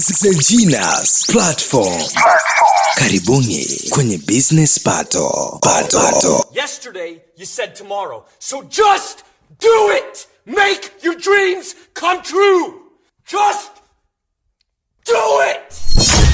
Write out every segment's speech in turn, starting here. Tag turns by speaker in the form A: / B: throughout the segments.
A: Zejinas Platform. Karibuni kwenye business pato. Pato. pato.
B: Yesterday you said tomorrow. So just do it. Make your dreams come true. Just do it.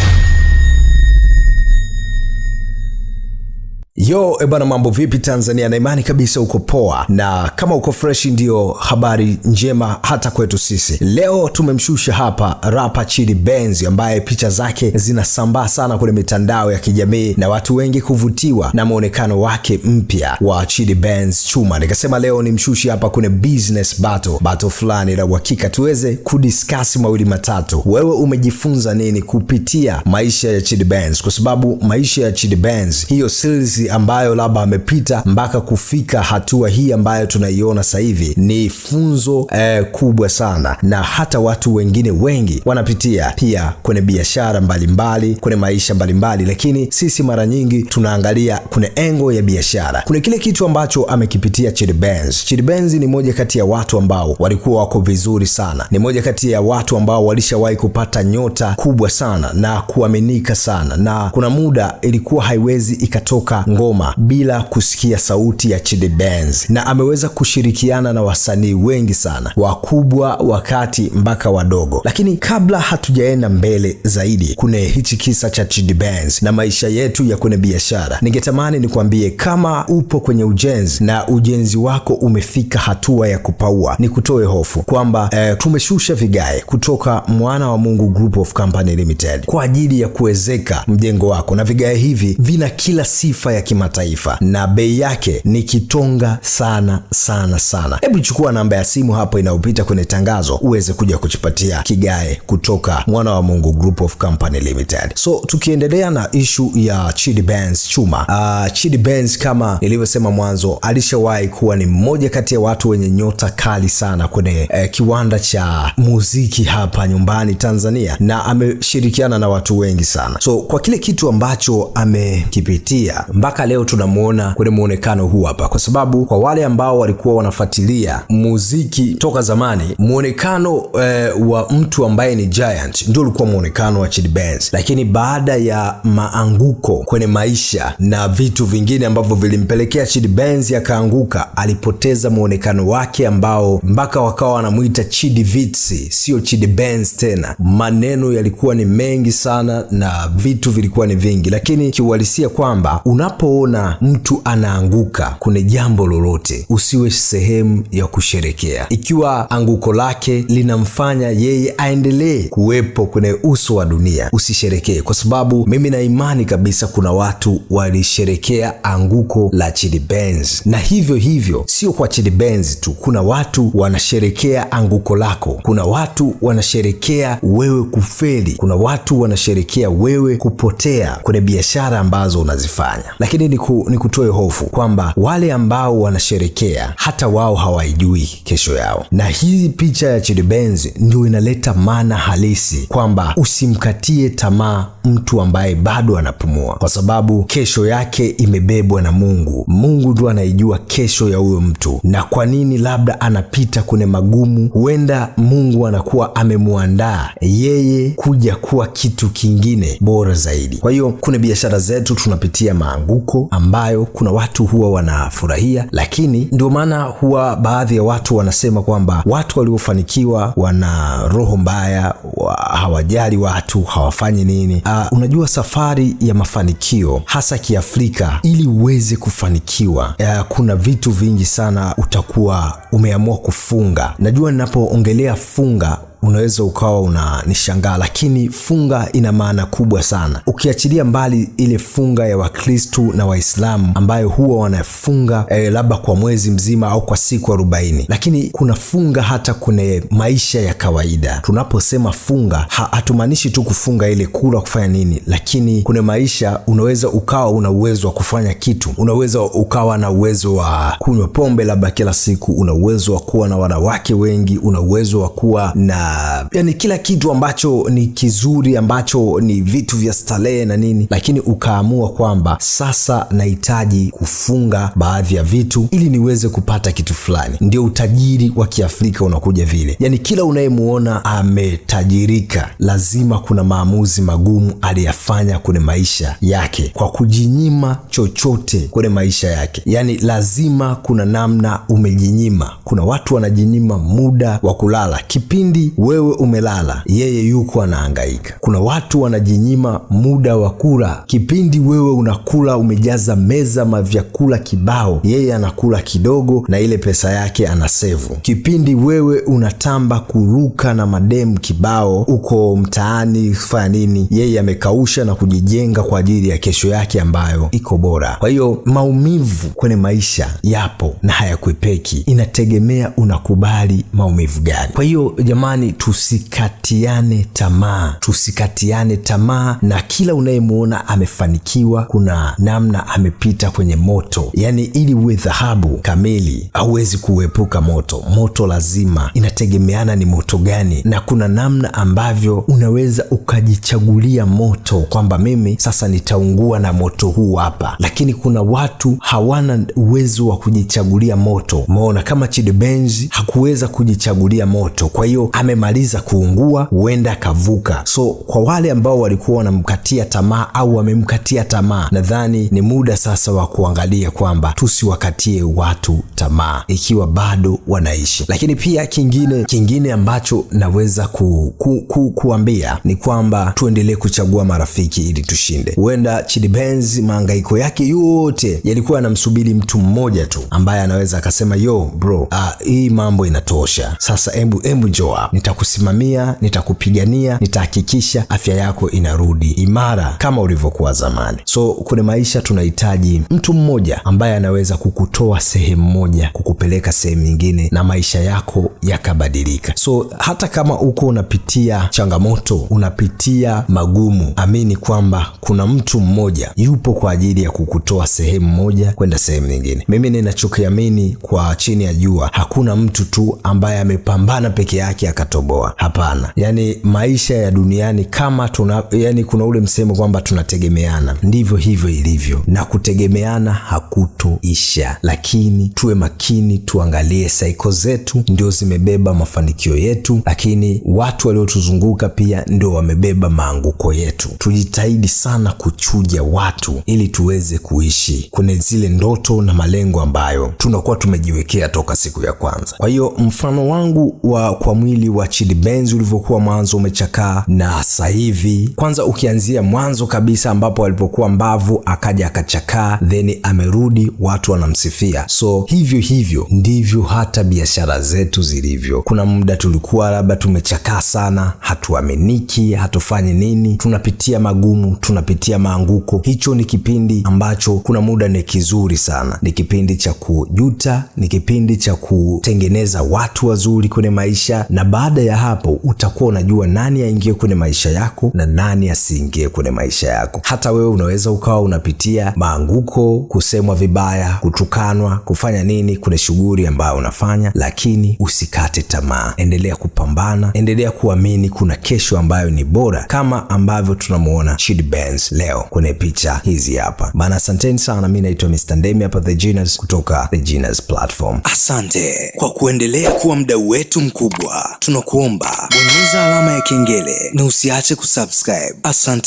C: Yo ebana, mambo vipi Tanzania? Na imani kabisa uko poa, na kama uko fresh, ndiyo habari njema hata kwetu sisi. Leo tumemshusha hapa rapa Chidi Benz ambaye picha zake zinasambaa sana kwenye mitandao ya kijamii na watu wengi kuvutiwa na mwonekano wake mpya wa Chidi Benz Chuma. Nikasema leo nimshushi hapa kwenye business battle, battle fulani la uhakika, tuweze kudiskasi mawili matatu. Wewe umejifunza nini kupitia maisha ya Chidi Benz? Kwa sababu maisha ya Chidi Benz hiyo series ambayo labda amepita mpaka kufika hatua hii ambayo tunaiona sasa hivi ni funzo eh, kubwa sana, na hata watu wengine wengi wanapitia pia kwenye biashara mbalimbali, kwenye maisha mbalimbali, lakini sisi mara nyingi tunaangalia kuna engo ya biashara, kuna kile kitu ambacho amekipitia chidbenz chidbenz ni moja kati ya watu ambao walikuwa wako vizuri sana, ni moja kati ya watu ambao walishawahi kupata nyota kubwa sana na kuaminika sana, na kuna muda ilikuwa haiwezi ikatoka ngo ngoma bila kusikia sauti ya Chidi Benz, na ameweza kushirikiana na wasanii wengi sana wakubwa, wakati mpaka wadogo. Lakini kabla hatujaenda mbele zaidi, kuna hichi kisa cha Chidi Benz na maisha yetu ya kwenye biashara, ningetamani nikwambie kama upo kwenye ujenzi na ujenzi wako umefika hatua ya kupaua, ni kutoe hofu kwamba eh, tumeshusha vigae kutoka Mwana wa Mungu Group of Company Limited kwa ajili ya kuwezeka mjengo wako, na vigae hivi vina kila sifa ya kimataifa na bei yake ni kitonga sana sana sana. Hebu chukua namba ya simu hapo inayopita kwenye tangazo uweze kuja kujipatia kigae kutoka Mwana wa Mungu Group of Company Limited. So tukiendelea na ishu ya Chidi Benz Chuma, uh, Chidi Benz kama nilivyosema mwanzo alishawahi kuwa ni mmoja kati ya watu wenye nyota kali sana kwenye eh, kiwanda cha muziki hapa nyumbani Tanzania na ameshirikiana na watu wengi sana. So kwa kile kitu ambacho amekipitia mpaka leo tunamuona kwenye muonekano huu hapa, kwa sababu kwa wale ambao walikuwa wanafuatilia muziki toka zamani, muonekano eh, wa mtu ambaye ni giant ndio ulikuwa muonekano wa Chidi Benz, lakini baada ya maanguko kwenye maisha na vitu vingine ambavyo vilimpelekea Chidi Benz akaanguka, alipoteza muonekano wake ambao mpaka wakawa wanamuita Chidi Vitsi, sio Chidi Benz tena. Maneno yalikuwa ni mengi sana na vitu vilikuwa ni vingi, lakini kiuhalisia kwamba unapo unapoona mtu anaanguka kwenye jambo lolote, usiwe sehemu ya kusherekea. Ikiwa anguko lake linamfanya yeye aendelee kuwepo kwenye uso wa dunia, usisherekee, kwa sababu mimi na imani kabisa kuna watu walisherekea anguko la Chidi Benz, na hivyo hivyo sio kwa Chidi Benz tu, kuna watu wanasherekea anguko lako, kuna watu wanasherekea wewe kufeli, kuna watu wanasherekea wewe kupotea kwenye biashara ambazo unazifanya, lakini nini ni, ku, ni kutoe hofu kwamba wale ambao wanasherekea hata wao hawaijui kesho yao, na hii picha ya Chidi Benz ndio inaleta maana halisi kwamba usimkatie tamaa mtu ambaye bado anapumua, kwa sababu kesho yake imebebwa na Mungu. Mungu ndio anaijua kesho ya huyo mtu na kwa nini labda anapita kwenye magumu. Huenda Mungu anakuwa amemwandaa yeye kuja kuwa kitu kingine bora zaidi. Kwa hiyo kuna biashara zetu tunapitia maanguko huko ambayo kuna watu huwa wanafurahia, lakini ndio maana huwa baadhi ya watu wanasema kwamba watu waliofanikiwa wana roho mbaya, wa hawajali watu, hawafanyi nini. Aa, ah, unajua safari ya mafanikio hasa Kiafrika, ili uweze kufanikiwa aa, ah, kuna vitu vingi sana utakuwa umeamua kufunga. Najua ninapoongelea funga unaweza ukawa unanishangaa, lakini funga ina maana kubwa sana, ukiachilia mbali ile funga ya Wakristu na Waislamu ambayo huwa wanafunga eh, labda kwa mwezi mzima au kwa siku arobaini, lakini kuna funga hata kwenye maisha ya kawaida. Tunaposema funga hatumaanishi tu kufunga ile kula kufanya nini, lakini kwenye maisha unaweza ukawa una uwezo wa kufanya kitu, unaweza ukawa na uwezo wa kunywa pombe labda kila siku, una uwezo wa kuwa na wanawake wengi, una uwezo wa kuwa na Ah, yani kila kitu ambacho ni kizuri ambacho ni vitu vya starehe na nini, lakini ukaamua kwamba sasa nahitaji kufunga baadhi ya vitu ili niweze kupata kitu fulani. Ndio utajiri wa Kiafrika unakuja vile, yani kila unayemuona ametajirika lazima kuna maamuzi magumu aliyafanya kwenye maisha yake kwa kujinyima chochote kwenye maisha yake, yani lazima kuna namna umejinyima. Kuna watu wanajinyima muda wa kulala kipindi wewe umelala, yeye yuko anahangaika. Kuna watu wanajinyima muda wa kula, kipindi wewe unakula umejaza meza mavyakula kibao, yeye anakula kidogo na ile pesa yake anasevu, kipindi wewe unatamba kuruka na mademu kibao uko mtaani fanya nini, yeye amekausha na kujijenga kwa ajili ya kesho yake ambayo iko bora. Kwa hiyo maumivu kwenye maisha yapo na hayakwepeki, inategemea unakubali maumivu gani. Kwa hiyo jamani bali tusikatiane tamaa, tusikatiane tamaa. Na kila unayemwona amefanikiwa, kuna namna amepita kwenye moto. Yaani, ili uwe dhahabu kamili, hauwezi kuepuka moto. Moto lazima, inategemeana ni moto gani, na kuna namna ambavyo unaweza ukajichagulia moto kwamba mimi sasa nitaungua na moto huu hapa, lakini kuna watu hawana uwezo wa kujichagulia moto. maona kama chidbenji hakuweza kujichagulia moto, kwa hiyo ame amemaliza kuungua, huenda akavuka. So kwa wale ambao walikuwa wanamkatia tamaa au wamemkatia tamaa, nadhani ni muda sasa wa kuangalia kwamba tusiwakatie watu tamaa ikiwa bado wanaishi. Lakini pia kingine kingine ambacho naweza ku, ku, ku, kuambia ni kwamba tuendelee kuchagua marafiki ili tushinde. Huenda Chidi Benz mahangaiko yake yote yalikuwa yanamsubiri mtu mmoja tu ambaye anaweza akasema yo bro, ah, hii mambo inatosha sasa, embu hebu njoo nitakusimamia, nitakupigania, nitahakikisha afya yako inarudi imara kama ulivyokuwa zamani. So kwenye maisha tunahitaji mtu mmoja ambaye anaweza kukutoa sehemu moja kukupeleka sehemu nyingine na maisha yako yakabadilika. So hata kama uko unapitia changamoto, unapitia magumu, amini kwamba kuna mtu mmoja yupo kwa ajili ya kukutoa sehemu moja kwenda sehemu nyingine. Mimi ninachokiamini kwa chini ya jua, hakuna mtu tu ambaye amepambana peke yake akatoka kutoboa. Hapana, yani maisha ya duniani kama tuna, yani kuna ule msemo kwamba tunategemeana, ndivyo hivyo ilivyo, na kutegemeana hakutoisha, lakini tuwe makini, tuangalie saiko zetu ndio zimebeba mafanikio yetu, lakini watu waliotuzunguka pia ndio wamebeba maanguko yetu. Tujitahidi sana kuchuja watu ili tuweze kuishi kwenye zile ndoto na malengo ambayo tunakuwa tumejiwekea toka siku ya kwanza. Kwa hiyo mfano wangu wa kwa mwili wa wa Chidi Benz ulivyokuwa mwanzo umechakaa na sasa hivi, kwanza ukianzia mwanzo kabisa ambapo alipokuwa mbavu akaja akachakaa, then amerudi watu wanamsifia. So hivyo hivyo ndivyo hata biashara zetu zilivyo. Kuna muda tulikuwa labda tumechakaa sana, hatuaminiki, hatufanyi nini, tunapitia magumu, tunapitia maanguko. Hicho ni kipindi ambacho kuna muda ni kizuri sana, ni kipindi cha kujuta, ni kipindi cha kutengeneza watu wazuri kwenye maisha na baada baada ya hapo utakuwa unajua nani aingie kwenye maisha yako na nani asiingie kwenye maisha yako. Hata wewe unaweza ukawa unapitia maanguko, kusemwa vibaya, kutukanwa, kufanya nini kwenye shughuli ambayo unafanya, lakini usikate tamaa, endelea kupambana, endelea kuamini kuna kesho ambayo ni bora, kama ambavyo tunamuona Chidi Benz leo kwenye picha hizi hapa bana. Asanteni sana, mi naitwa Mr. Ndemi hapa The Genius, kutoka The Genius Platform.
A: Asante kwa kuendelea kuwa mdau wetu mkubwa Tuna tunakuomba bonyeza alama ya kengele na usiache kusubscribe. Asante.